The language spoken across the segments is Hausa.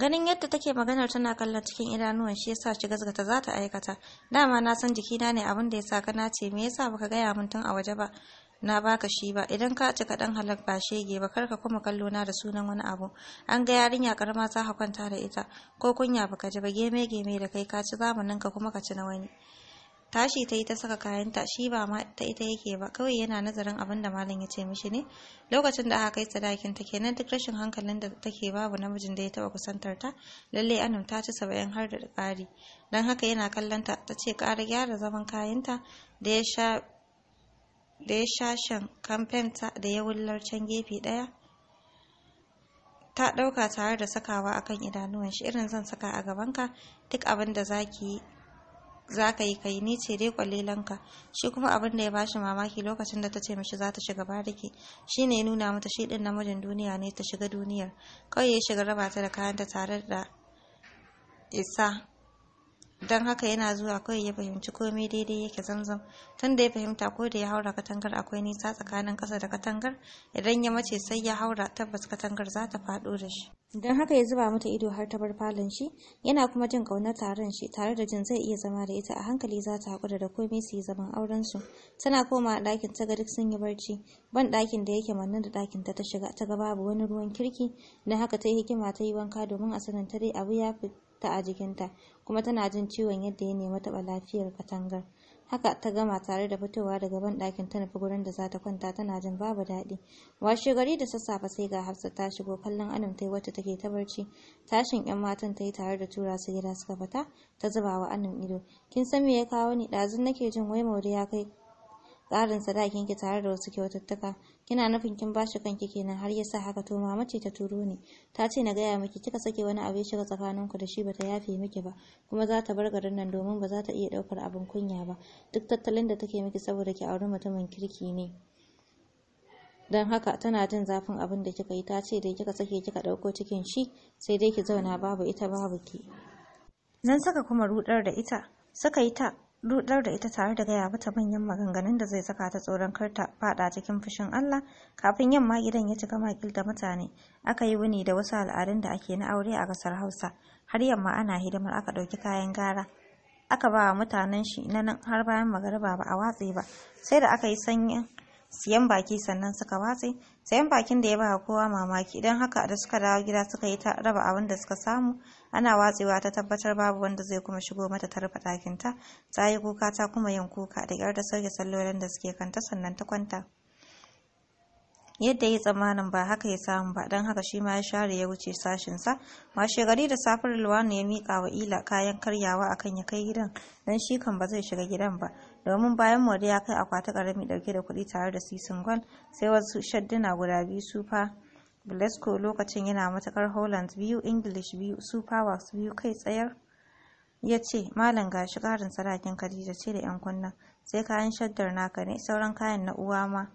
Ganin yadda take maganar tana kallon cikin idanuwan shi yasa shi gazgata za ta aikata. Dama na san jikina ne abin da ya kana na ce me yasa baka gaya min tun a waje ba. Na baka shi ba idan ka cika dan halak ba shege ba karka kuma kallo na da sunan wani abu. An ga yarinya karama za ka kwanta da ita ko kunya baka ji ba geme geme da kai ka ci zamanin ka kuma ka ci na wani. tashi ta yi ta saka kayanta shi ba ma ta ita yake ba kawai yana nazarin abin da malam ya ce mishi ne lokacin da aka kai sadakin ta kenan duk rashin hankalin da take babu namijin da ya taba kusantar ta lalle anum ta ci saba'in har da ƙari dan haka yana kallonta ta ce ƙara gyara zaman kayanta da ya sha da ya kamfen ta da ya wullar can gefe ɗaya ta ɗauka tare da sakawa akan idanuwan shi irin zan saka a gabanka duk abin da zaki yi za ka yi kai ni ce dai kwalilanka shi kuma abin da ya bashi mamaki lokacin da ta ce mishi za ta shiga bariki shine ya nuna mata shi din namijin duniya ne ta shiga duniyar kawai ya shiga raba ta da kayan ta tare da isa don haka yana zuwa kawai ya fahimci komai daidai yake zamzam tunda ya fahimta ko da ya haura katangar akwai nisa tsakanin ƙasa da katangar idan ya mace sai ya haura tabbas katangar za ta faɗo da shi don haka ya zuba mata ido har ta bar falon shi yana kuma jin ƙaunar taron shi tare da jin zai iya zama da ita a hankali za ta haƙura da komai su yi zaman auren su tana koma ɗakin ta ga duk sun yi barci ban ɗakin da yake manne da ɗakin ta ta shiga ta ga babu wani ruwan kirki don haka ta yi hikima ta yi wanka domin a sanin ta dai abu ya fita a jikinta kuma tana jin ciwon yadda ya nemi taɓa lafiyar katangar. Haka ta gama tare da fitowa daga ban ɗakin ta nufi gurin da za ta kwanta tana jin babu daɗi. Washe gari da sassafe sai ga hafsa ta shigo kallon ta tai wacce take ta barci. Tashin 'yan matan ta yi tare da tura su gida suka fita ta zuba wa Adam ido. Kin san me ya kawo ni ɗazun nake jin wai Maude ya kai ƙarin sadakin ki tare da wasu kyaututtuka kina nufin kin bashi kanki kenan har yasa haka to mama ce ta turo ni ta ce na gaya miki kika sake wani abu ya shiga tsakaninku da shi bata yafe miki ba kuma za ta bar garin nan domin ba za ta iya ɗaukar abin kunya ba duk tattalin da take miki saboda ki auri mutumin kirki ne dan haka tana jin zafin abin da kika yi ta ce dai kika sake kika ɗauko cikin shi sai dai ki zauna babu ita babu ki nan saka kuma rudar da ita suka yi ta rudar da ita tare da gaya mata manyan maganganun da zai saka ta tsoron kar ta fada cikin fushin Allah kafin yamma gidan ya cika makil da mutane aka yi wuni da wasu al'adun da ake na aure a kasar Hausa har yamma ana hidimar aka ɗauki kayan gara aka ba wa mutanen shi na nan har bayan magariba ba a watse ba sai da aka yi sanyin siyan baki sannan suka watse sayan bakin da ya ba kowa mamaki don haka da suka dawo gida suka yi ta raba abin da suka samu ana watsewa ta tabbatar babu wanda zai kuma shigo mata ta rufe ɗakinta ta yi kuka ta kuma yin kuka da yar da sauke sallolin da suke kanta sannan ta kwanta yadda ya tsamanin ba haka ya samu ba don haka shi ma ya share ya wuce sashinsa washe gari da safar luwanu ya miƙa wa ila kayan karyawa akan ya kai gidan don shi kan ba zai shiga gidan ba domin bayan mori ya kai akwati karami dauke da kuɗi tare da sisin gwal sai wasu shadduna guda biyu sufa blesco lokacin yana matakar Holland biyu English biyu sufa Powers biyu kai tsayar ya ce malam gashi karin sarakin Khadija ce da yan kunna sai kayan shaddar naka ne sauran kayan na uwa ma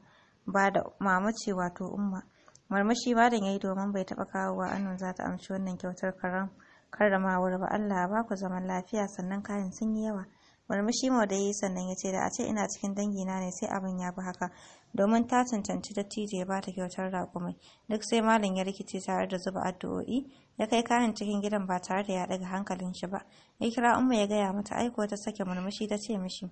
ba da mamaci wato umma marmashi malam yayi domin bai taba kawowa anon za ta amshi wannan kyautar karam karramawar ba Allah ba ku zaman lafiya sannan kayan sun yi yawa murmushi ma da yi sannan ya ce da a ce ina cikin dangi na ne sai abin ya bi haka domin ta cancanci dattijo ba ta kyautar raƙumai duk sai malam ya rikice tare da zuba addu'o'i ya kai kayan cikin gidan ba tare da ya daga hankalin shi ba ya kira umma ya gaya mata aiko ta sake murmushi ta ce mishi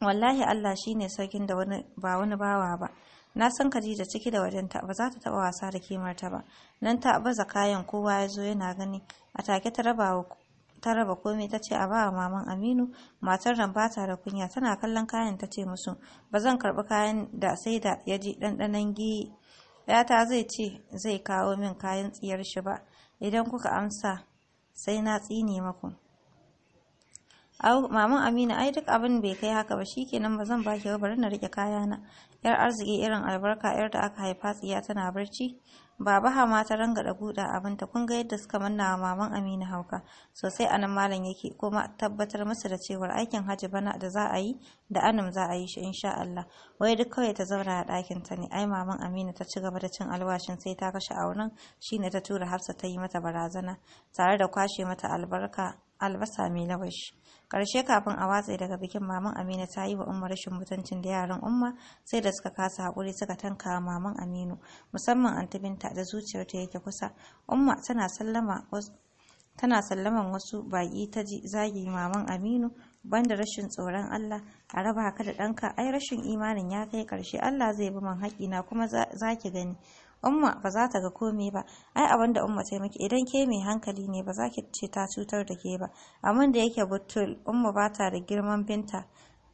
wallahi Allah shi ne sarkin da ba wani bawa ba na san Khadija ciki da wajenta ba za ta taba wasa da kimarta ba nan ta baza kayan kowa ya zo yana gani a take ta raba komai ta ce a ba maman Aminu matar nan ba ta da kunya tana kallon kayan ta ce musu ba zan karbi kayan da sai da ya ji ɗanɗanon gi ta zai ce zai kawo min kayan tsiyar shi ba idan kuka amsa sai na tsini maku maman amina ai duk abin bai kai haka ba shikenan ba zan baki ba bari na rike kayana yar arziki irin albarka yar da aka haifa tsiya tana barci baba hama ta ranga da guda abin ta kun ga yadda suka manna wa maman amina hauka sosai anan malam yake kuma tabbatar musu da cewar aikin hajji bana da za a yi da anum za a yi shi insha Allah wai duk kawai ta zauna a ɗakin ta ne ai maman amina ta ci gaba da cin alwashin sai ta kashe auren shine ta tura hafsa ta yi mata barazana tare da kwashe mata albarka albasa mai lawashi Karshe kafin a watse daga bikin maman Aminu ta yi wa Umma rashin mutuncin da yaran Umma sai da suka kasa hakuri suka tanka wa maman Aminu musamman Anti Binta da ta yake kusa. Umma tana sallama tana sallaman wasu baƙi ta ji zagi maman Aminu banda rashin tsoron Allah a raba ka da ɗanka ai rashin imanin ya kai karshe Allah zai bi man na kuma za ki gani umma ba za ta ga komai ba ai abin da umma ta miki idan ke mai hankali ne ba za ki ce ta cutar da ke ba amma da yake butul umma ba ta da girman binta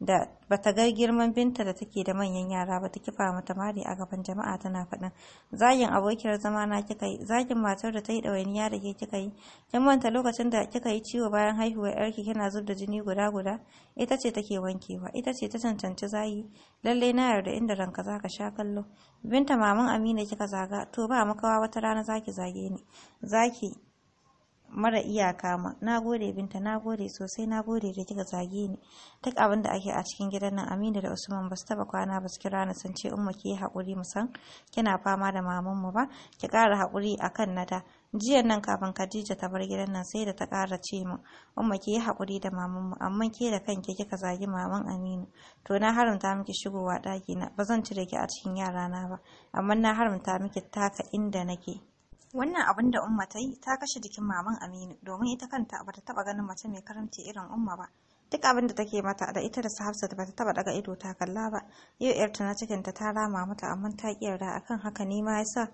da bata ga girman binta da take da manyan yara ba ta kifa mata mari a gaban jama'a tana faɗin zagin abokiyar zama na kika yi zagin matar da ta yi ɗawainiya da ke kika yi kin manta lokacin da kika yi ciwo bayan haihuwar yarki kina zub da jini guda guda ita ce take wankewa ita ce ta cancanci zayi. lalle na yarda inda ranka ka sha kallo binta maman amina kika zaga to ba makawa wata rana zaki zage ni zaki mara iyaka ma na gode binta na gode sosai na gode da kika zage ni duk abin da ake a cikin gidan nan aminu da usman ba su taba kwana ba su kira ni sun ce umma ki haƙuri san? kina fama da maman mu ba ki ƙara haƙuri akan nata jiya nan kafin Khadija ta bar gidan nan sai da ta ƙara ce min umma ki haƙuri da maman mu amma ke da kanki kika zage maman Aminu to na haramta miki shigowa ɗaki na ba zan cire ki a cikin yarana ba amma na haramta miki taka inda nake Wannan abin da Umma ta yi ta kashe jikin maman Aminu domin ita kanta ba ta taɓa ganin mace mai karamci irin Umma ba. Duk abin da take mata da ita da su Hafsat ba ta taɓa daga ido ta kalla ba. Yau ‘yarta na cikin ta ta rama mata amma ta ƙi yarda akan haka ne ma yasa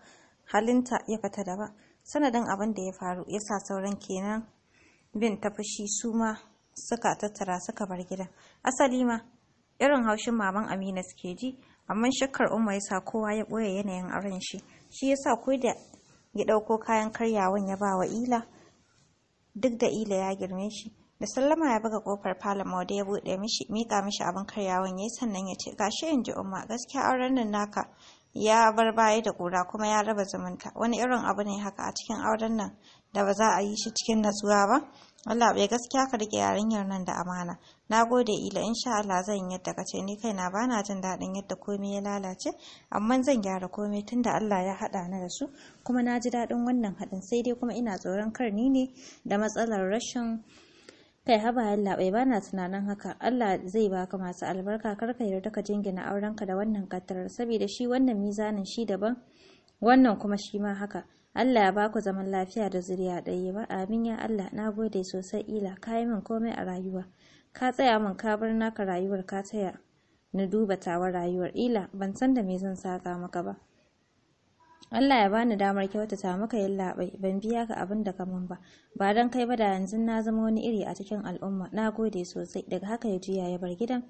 halinta ya fita daba Sanadin abin da ya faru yasa sauran kenan bin ta fushi su ma suka tattara suka bar gida Asali ma irin haushin maman Amina suke ji amma shakkar Umma yasa kowa ya ɓoye yanayin auren shi. Shi yasa ko da ya ɗauko kayan karyawan ya ba wa ila duk da ila ya girme shi da sallama ya buga kofar falon maude ya buɗe mishi mika mishi abin karyawan ya yi sannan ya ce gashi in ji umma gaskiya auren nan naka ya bar baya da kura kuma ya raba zumunta wani irin abu ne haka a cikin auren nan da ba za a yi shi cikin natsuwa ba Allah bai gaskiya ka rike yarinyar nan da amana. Na gode ila insha Allah zan yadda ka ce ni kaina bana jin daɗin yadda komai ya lalace amma zan gyara komai tunda Allah ya haɗa ni da su kuma na ji daɗin wannan haɗin sai dai kuma ina tsoron kar ni ne da matsalar rashin kai haba Allah bai bana tunanin haka Allah zai baka masu albarka kar ka yarda ka jingina aurenka da wannan katarar saboda shi wannan mizanin shi daban wannan kuma shi ma haka Allah ya baku zaman lafiya da zuriya ɗaya ba amin ya Allah na gode sosai ila ka yi min komai a rayuwa ka tsaya min ka bar naka rayuwar ka tsaya na duba tawa rayuwar ila ban san da me zan saka maka ba Allah ya bani damar kyautata maka yallaɓai ban biya ka abin da kamun ba ba don kai ba da yanzu na zama wani iri a cikin al'umma na gode sosai daga haka ya juya ya bar gidan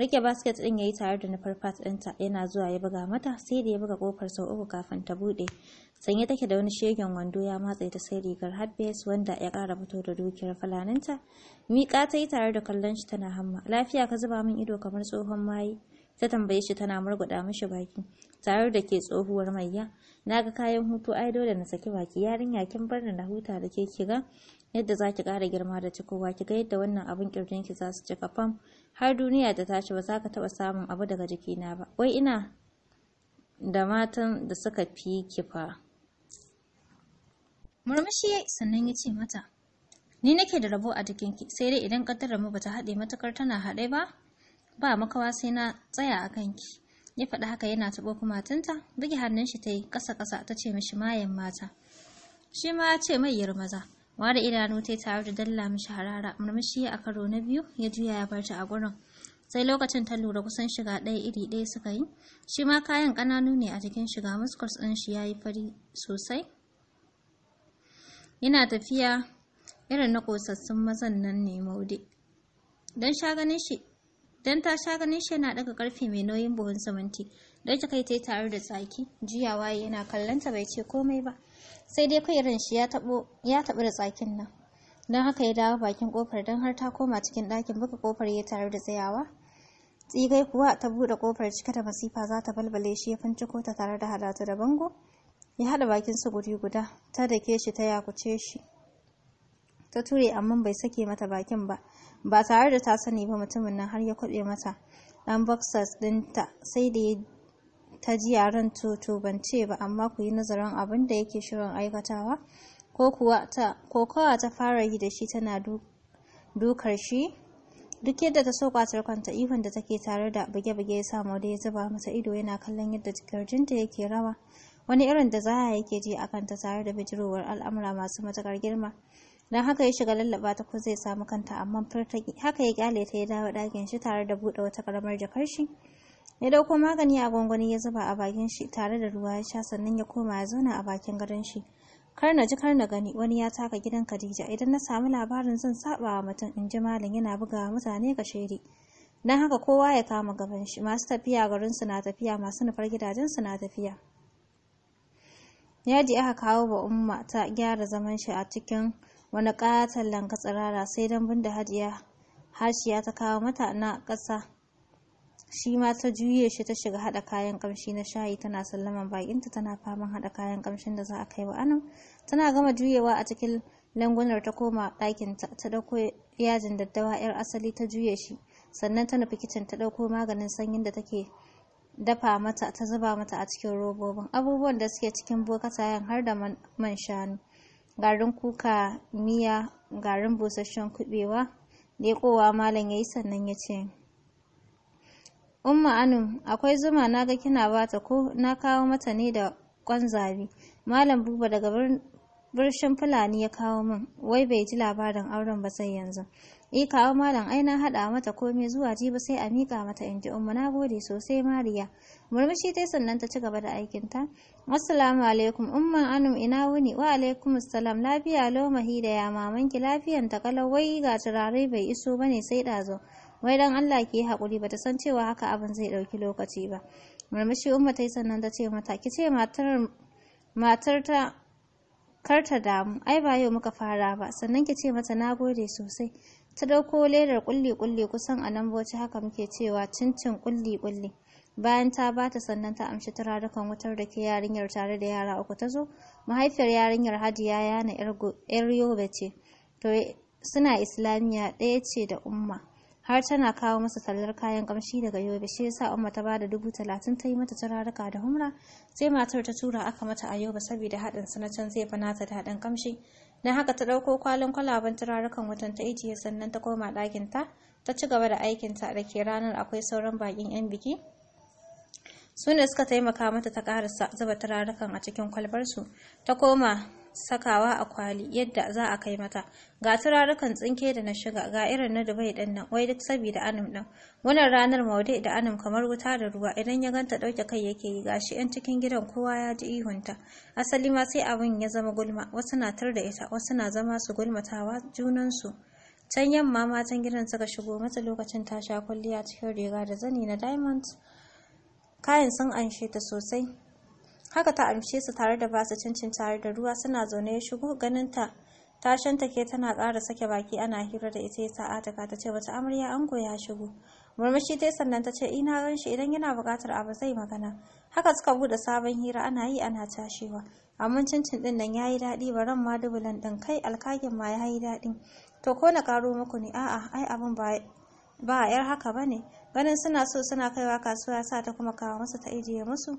rike basket din yayi tare da na farfat ɗinta yana zuwa ya buga mata sai da ya buga kofar sau uku kafin ta buɗe sanye take da wani shegen wando ya matse ta sai rigar habbes wanda ya kara fito da dukiyar falaninta miƙa ta yi tare da kallon shi tana hamma lafiya ka zuba min ido kamar tsohon mayi ta tambaye shi tana murguda mishi baki tare da ke tsohuwar maiya na ga kayan hutu ai dole na saki baki yarinya kin bar na huta da ke kiga yadda za ki ƙara girma da cikowa ki ga yadda wannan abin kirjin ki za su cika fam har duniya ta tashi ba za ka taɓa samun abu daga jikina ba wai ina da matan da suka fi kifa. Murmushi ya sannan ya ce mata, Ni nake da rabo a jikinki, sai dai idan ƙaddararmu mu bata haɗe matakar tana haɗe ba, ba makawa sai na tsaya a kanki. Ya faɗi haka yana taɓo kumatunta, buge hannun shi ta yi ƙasa-ƙasa ta ce mishi mayan mata. Shi ma ya ce mai yar maza, ware idanu ta tare da dalla mishi harara, murmushi a karo na biyu ya juya ya bar ta a gurin. sai lokacin ta lura kusan shiga ɗaya iri ɗaya suka yi shi ma kayan ƙananu ne a jikin shiga muskurs ɗin shi ya yi fari sosai yana tafiya irin na ƙosassun mazan nan ne maude don sha ganin shi don ta sha ganin shi yana ɗaga karfe mai nauyin buhun siminti don ta kai ta yi tare da tsaki jiya waye yana kallonta bai ce komai ba sai dai kai irin shi ya taɓa da tsakin nan don haka ya dawo bakin kofar don har ta koma cikin ɗakin buga kofar ya tare da tsayawa tsigai kuwa ta buɗe ƙofar cike da masifa za ta balbale shi ya ko ta tare da halatu da bango ya haɗa bakinsa guri guda ta dake shi ta yakuce shi ta ture amma bai sake mata bakin ba ba tare da ta sani ba mutumin nan har ya kube mata ɗan boxers ɗinta sai da ya ta ji yaren toto ban ce ba amma ku yi nazarin abin da yake shirin aikatawa ko kuwa ta fara yi da shi tana dukar shi duk yadda ta so kwatar kwanta ihun da take tare da buge-buge ya samu da ya zuba mata ido yana kallon yadda ta yake rawa wani irin da zaya yake ji a kanta tare da bijirowar al'amura masu matakar girma don haka ya shiga lallaba ta ko zai samu kanta amma furtaki haka ya kyale ta ya dawo ɗakin shi tare da buɗe wata karamar jakar shi ya dauko magani a gwangwani ya zuba a bakin shi tare da ruwa ya sha sannan ya koma ya zauna a bakin gadon shi kar na ji kar na gani wani ya taka gidan Khadija idan na samu labarin zan saba wa mutum in ji malam yana buga mutane ga shaidi don haka kowa ya kama gaban shi masu tafiya garinsu na tafiya masu nufar gidajen su na tafiya Yaji aka kawo wa Umma ta gyara zaman shi a cikin wani katon lanka tsirara sai bin da Hajiya Hashiya ta kawo mata na ƙasa. Shi ma ta juye shi ta shiga haɗa kayan kamshi na shayi tana sallaman bakinta tana faman haɗa kayan ƙamshin da za a kai wa anan. Tana gama juyewa a cikin langunar ta koma ɗakinta ta dauko yajin daddawa 'yar asali ta juye shi sannan ta nufi kicin ta ɗauko maganin sanyin da take dafa mata ta zuba mata a cikin robobin abubuwan da suke cikin bokatayen har da man shanu garin kuka miya garin busasshen kubewa leƙowa malam ya yi sannan ya ce umma anu akwai zuma na ga kina bata ko na kawo mata ne da kwan zabi malam buba daga birshin fulani ya kawo min wai bai ji labarin auren ba sai yanzu eh kawo malam ai na haɗa mata komai zuwa jibi sai a mika mata inji umma na gode sosai mariya murmushi dai sannan ta ci gaba da ta. assalamu alaikum umman anum ina wuni wa alaikum assalam lafiya lau mahida ya mamanki lafiyan ta kalau wai ga turare bai iso bane sai ɗazo wai dan allah ki yi bata san cewa haka abin zai ɗauki lokaci ba murmushi umma ta sannan ta ce mata ki ce matar matar ta karta damu ai ba yau muka fara ba sannan ki ce mata na gode sosai ta dauko ledar kulli kulli kusan a nan haka muke cewa cincin kulli kulli bayan ta ba ta sannan ta amshi turarukan wutar da ke yarinyar tare da yara uku ta zo mahaifiyar yarinyar hadiya yana yar yobe ce to suna islamiyya ɗaya ce da umma har tana kawo masa tallar kayan kamshi daga yobe shi yasa umma ta bada dubu talatin ta yi mata turaruka da humra sai matar ta tura aka mata a yobe saboda haɗin suna can zai fi nata da haɗin kamshi Na haka ta ɗauko kwalin kwalaben turarukan watan ta ijiye sannan ta koma ɗakinta, ta ci gaba da aikinta da ke ranar akwai sauran baƙin 'yan biki. Su ne suka taimaka mata ta ƙarasa zuba turarukan a cikin kwalbarsu, ta koma sakawa a kwali yadda za a kai mata ga turarukan tsinke da na shiga ga irin na dubai din nan wai duk saboda anum din wannan ranar maude da anum kamar wuta da ruwa idan ya ganta dauke kai yake yi gashi yan cikin gidan kowa ya ji ihunta asali ma sai abin ya zama gulma wasu na tar da ita wasu na zama su gulmatawa junansu can yamma matan gidan suka shigo mata lokacin ta sha kwalliya cikin riga da zani na diamond kayan sun anshe ta sosai haka ta amshe su tare da basu cincin tare da ruwa suna zaune ya shigo ganin ta ta ke tana kara sake baki ana hira da ita ya sa'a ta ce wata amarya ango ya shigo murmushi dai sannan ta ce ina eh, ran shi idan yana buƙatar abu zai magana haka suka bude sabon hira ana yi ana tashewa amma cincin din nan yayi daɗi baran ma dubulan din kai alkagin ma yayi daɗi to ko na karo muku ne a'a ai abun ba ba yar haka bane ganin suna so suna kaiwa kasuwa sa ta kuma kawo musu ta ijiye musu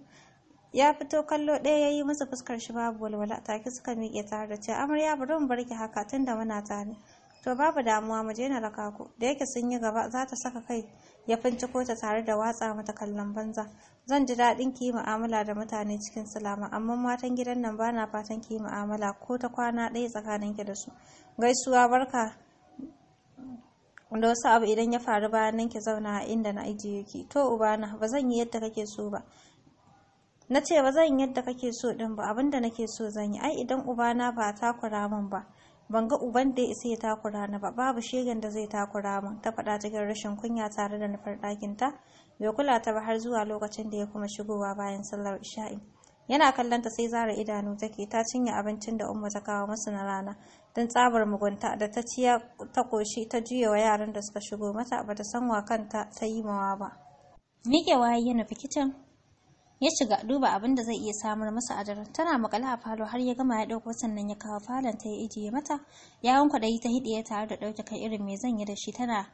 ya fito kallo ɗaya ya yi masa fuskar shi babu walwala take suka miƙe tare da cewa amarya bari mu barki haka tun da muna tare to babu damuwa mu je na raka ku da yake sun yi gaba za ta saka kai ya finciko ta tare da watsa mata kallon banza zan ji daɗin ki yi mu'amala da mutane cikin salama amma matan gidan nan ba na fatan ki yi mu'amala ko ta kwana ɗaya tsakanin ki da su gaisuwa barka da wasu abu idan ya faru bayan nan ki zauna a inda na ajiye ki to ubana ba zan yi yadda kake so ba na ce ba zan yadda kake so din ba abinda nake so zan yi ai idan ubana ba takura min ba ban ga uban da ya isa ya takura ni ba babu shegen da zai takura min ta faɗa cikin rashin kunya tare da nufar ɗakin ta bai kula ta ba har zuwa lokacin da ya kuma shigowa bayan sallar isha'i yana kallonta sai zara idanu take ta cinye abincin da umma ta kawo masu na rana don tsabar mugunta da ta ciya ta koshi ta juya wa yaran da suka shigo mata ba ta san wa kanta ta yi mawa ba waye ya fi kicin ya shiga duba abin da zai iya samar masa a daren tana makale a falo har ya gama ya dauko sannan ya kawo falon ta ya ijiye mata Yawan kwaɗayi ta hiɗiya tare da ɗauke kan irin mai zan yi da shi tana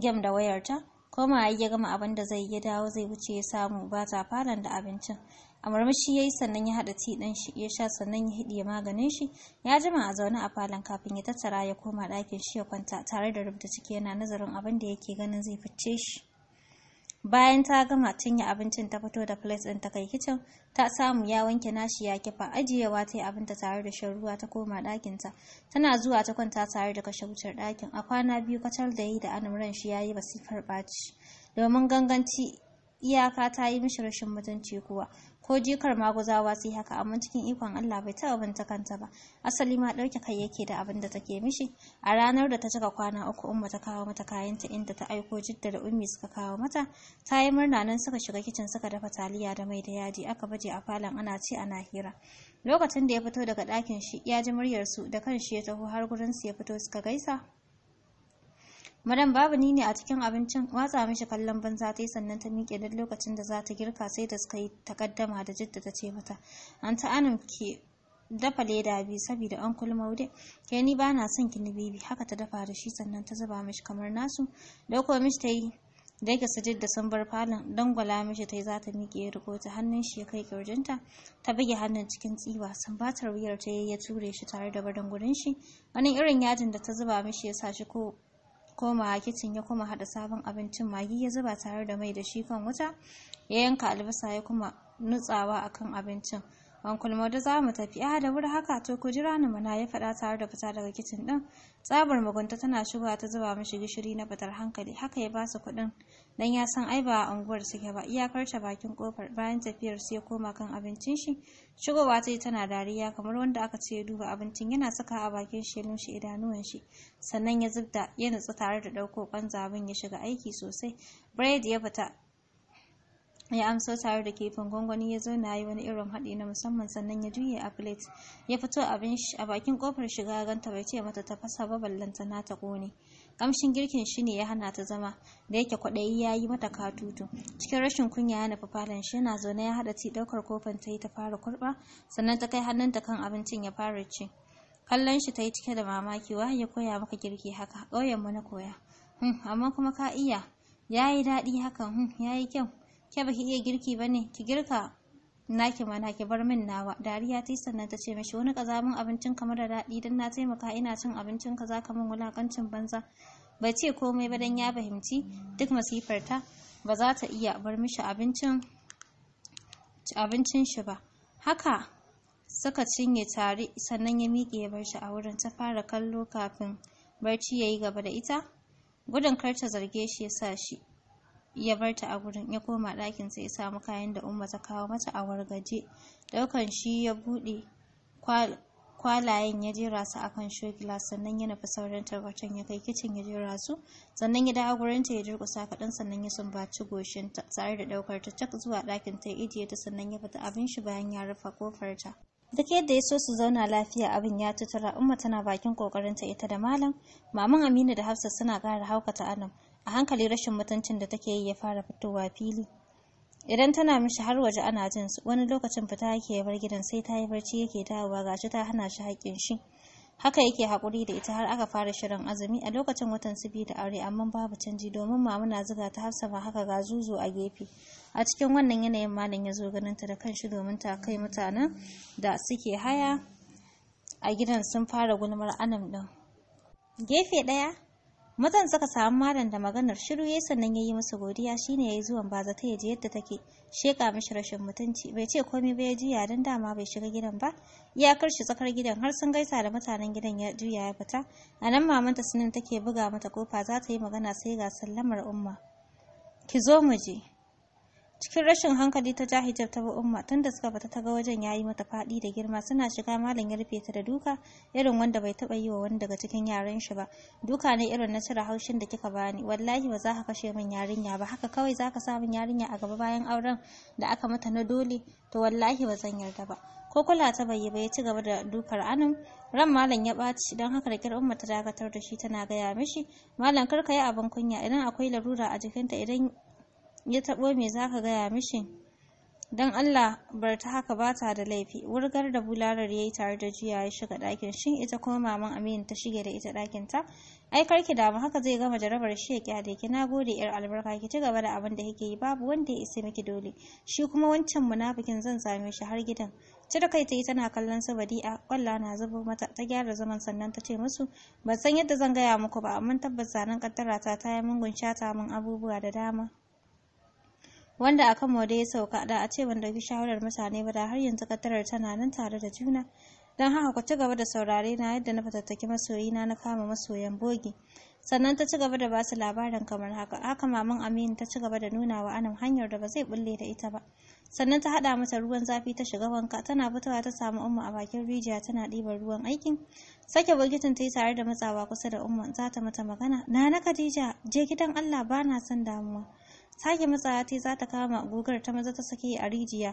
gem da wayarta koma ya gama abin da zai ya dawo zai wuce ya samu ba ta falon da abincin a murmushi ya yi sannan ya haɗa ti dan shi ya sha sannan ya hidiye maganin shi ya jima a zaune a falon kafin ya tattara ya koma ɗakin shi ya kwanta tare da rubuta ciki yana nazarin abin da yake ganin zai fice shi bayan ta gama cinye abincin ta fito da plates ɗin ta kai kicin ta samu ya wanke nashi ya kifa ajiyewa ta yi abinta tare da shan ruwa ta koma ɗakinta tana zuwa ta kwanta tare da kashe wutar ɗakin a kwana biyu kacal da yi da anamran shi ya yi basifar ɓaci domin ganganci iyaka ta yi mishi rashin mutunci kuwa ko jikar maguzawa sai haka amma cikin ikon Allah bai taɓa binta kanta ba asali ma ɗauke kai yake da abin da take mishi a ranar da ta cika kwana uku umma ta kawo mata kayanta inda ta aiko jidda da ummi suka kawo mata ta yi murna nan suka shiga kicin suka dafa taliya da mai da yadi, aka baje a falon ana ci ana hira lokacin da ya fito daga ɗakin shi ya ji muryar su da kan shi ya taho har gurin su ya fito suka gaisa madam babu ni ne a cikin abincin watsa mishi kallon banza ta yi sannan ta miƙe duk lokacin da za ta girka sai da suka yi takaddama da jidda ta ce mata an ta anan ke dafa leda biyu saboda an kulma wude ke ni ba na son kini bibi haka ta dafa da shi sannan ta zuba mishi kamar nasu dauko mishi ta yi da ka sajid da sun bar falon dangwala mishi ta yi za ta miƙe ya riko ta hannun shi ya kai kirjinta ta buge hannun cikin tsiwa sun sambatar wuyar ta ya ture shi tare da barin gurin shi wani irin yajin da ta zuba mishi ya sa shi ko komawa kicin ya kuma hada sabon abincin magi ya zuba tare da mai da shi kan wuta ya yanka albasa ya kuma nutsawa akan abincin Uncle Maudu za mu tafi a ah, da wuri haka to ku jira ni mana ya faɗa tare da fita daga kicin ɗin. Tsabar mugunta tana shigowa ta zuba mishi gishiri na fitar hankali haka ya ba su kuɗin dan ya san ai ba a unguwar suke ba iyakar ta bakin kofar bayan tafiyar sai ya koma kan abincin shi shigowa ta yi tana dariya kamar wanda aka ce ya duba abincin yana saka a bakin shi idanuwan shi sannan ya zubda ya nutsu tare da ɗauko kwanza abin ya shiga aiki sosai Bread ya fita ya amsa tare da kifin gwangwani ya zo na yi wani irin haɗi na musamman sannan ya juye a plate ya fito abin a bakin kofar shiga ganta bai ce mata ta fasa ba ballanta na ta kone kamshin girkin shi ne ya hana ta zama da yake kwaɗayi ya yi mata katutu cikin rashin kunya ya nufi falon shi yana zaune ya haɗa ci ɗaukar kofin ta yi ta fara kurɓa sannan ta kai hannun hannunta kan abincin ya fara ci kallon shi ta yi cike da mamaki wa ya koya maka girki haka ƙauyenmu na koya hm, amma kuma ka iya ya yi daɗi hakan hm, ya yi kyau ke baki iya girki ba ne ki girka naki mana ki bar min nawa dariya ta yi sannan ta ce mishi wani kazamin abincin kamar da daɗi don na taimaka ina cin abincin ka ka min wulakancin banza bai ce komai ba don ya fahimci duk masifarta ba za ta iya bar mishi abincin shi ba haka suka cinye tare sannan ya miƙe ya bar shi a wurin ta fara kallo kafin barci ya yi gaba da ita gudun kar ta zarge shi ya sa shi ya barta ta a gurin ya koma ɗakin sai ya samu kayan da umma ta kawo mata a wargaje daukan shi ya buɗe kwalayen ya jera su akan shogila sannan ya nufi sauran tarkacen ya kai kicin ya jera su sannan ya dawo gurin ta ya durkusa kaɗan sannan ya sumbaci goshin ta tare da ɗaukar ta cak zuwa ɗakin ta ya ijiye ta sannan ya fita abin shi bayan ya rufe kofar ta duk yadda ya so su zauna lafiya abin ya tutura umma tana bakin kokarin ta ita da malam maman aminu da hafsa suna ƙara haukata anam a hankali rashin mutuncin da take yi ya fara fitowa fili idan tana mishi har waje ana jin su wani lokacin fita yake bar gidan sai ta yi barci yake dawowa gashi ta hana shi haƙƙin shi haka yake haƙuri da ita har aka fara shirin azumi a lokacin watan su da aure amma babu canji domin mamuna zuga ta hafsa ma haka ga zuzu a gefe a cikin wannan yanayin malam ya zo ganin ta da kanshi domin ta kai mutanen da suke haya a gidan sun fara gulmar anam ɗin. gefe ɗaya mazan suka samu malam da maganar shiru yayi sannan yi masa godiya shine yayi zuwan baza ta yaji yadda take sheka mishi rashin mutunci bai ce komai ba ya juya dan dama bai shiga gidan ba iyakar shi tsakar gidan har sun gaisa da mutanen gidan ya juya ya fita a nan mamanta sunan take buga mata kofa za ta yi magana sai ga sallamar umma ki zo mu je cikin rashin hankali ta ja hijab ta ba umma tunda suka fita ta ga wajen yayi mata fadi da girma suna shiga malam ya rufe ta da duka irin wanda bai taba yi wa wani daga cikin yaran shi ba duka ne irin na cire haushin da kika bani wallahi ba za ka kashe min yarinya ba haka kawai za ka sa min yarinya a gaba bayan auren da aka mata na dole to wallahi ba zan yarda ba ko kula ta bai ya ci gaba da dukar anan ran malam ya baci don haka da kyar umma ta dakatar da shi tana gaya mishi malam kar ka yi abin kunya idan akwai larura a jikinta idan ya taɓo me za ka gaya mishi don allah bar ta haka ba ta da laifi wurgar da bularar ya yi tare da juya ya shiga ɗakin shin ita kuma maman aminu ta shige da ita ɗakin ta ai karki damu haka zai gama jarabar shi ya kyale ki na gode yar albarka ki ci gaba da abin da kike yi babu wanda ya isa miki dole shi kuma wancan munafikin zan same shi har gidan cire kai ta yi tana kallon su a. kwalla na zubo mata ta gyara zaman sannan ta ce musu ban san yadda zan gaya muku ba amma tabbas zanen kaddara ta ta yi mungun shata min abubuwa da dama wanda a kan da ya sauka da a ce ban dauki shawarar mutane ba da har yanzu katarar tana nan tare da juna don haka ku ci gaba da saurare na yadda na fatattaki masoyina na kama masoyan bogi sannan ta ci gaba da basu labarin kamar haka haka maman aminu ta ci gaba da nuna wa anan hanyar da ba zai bulle da ita ba sannan ta haɗa mata ruwan zafi ta shiga wanka tana fitowa ta samu umma a bakin rijiya tana ɗiban ruwan aikin sake bokitin ta yi tare da matsawa kusa da umma za ta mata magana na na khadija je gidan allah ba na son damuwa sake matsawa ta za ta kama agogar ta maza ta sake a rijiya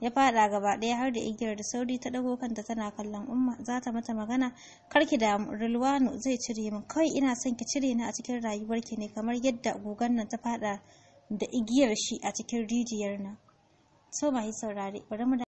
ya fada gaba daya har da igiyar da sauri ta ɗago kanta tana kallon umma za ta mata magana karki da rulwano zai cire min kawai ina son ki cire ni a cikin rayuwar ki ne kamar yadda gogan nan ta fada da igiyar shi a cikin rijiyar nan so mai saurare bari mu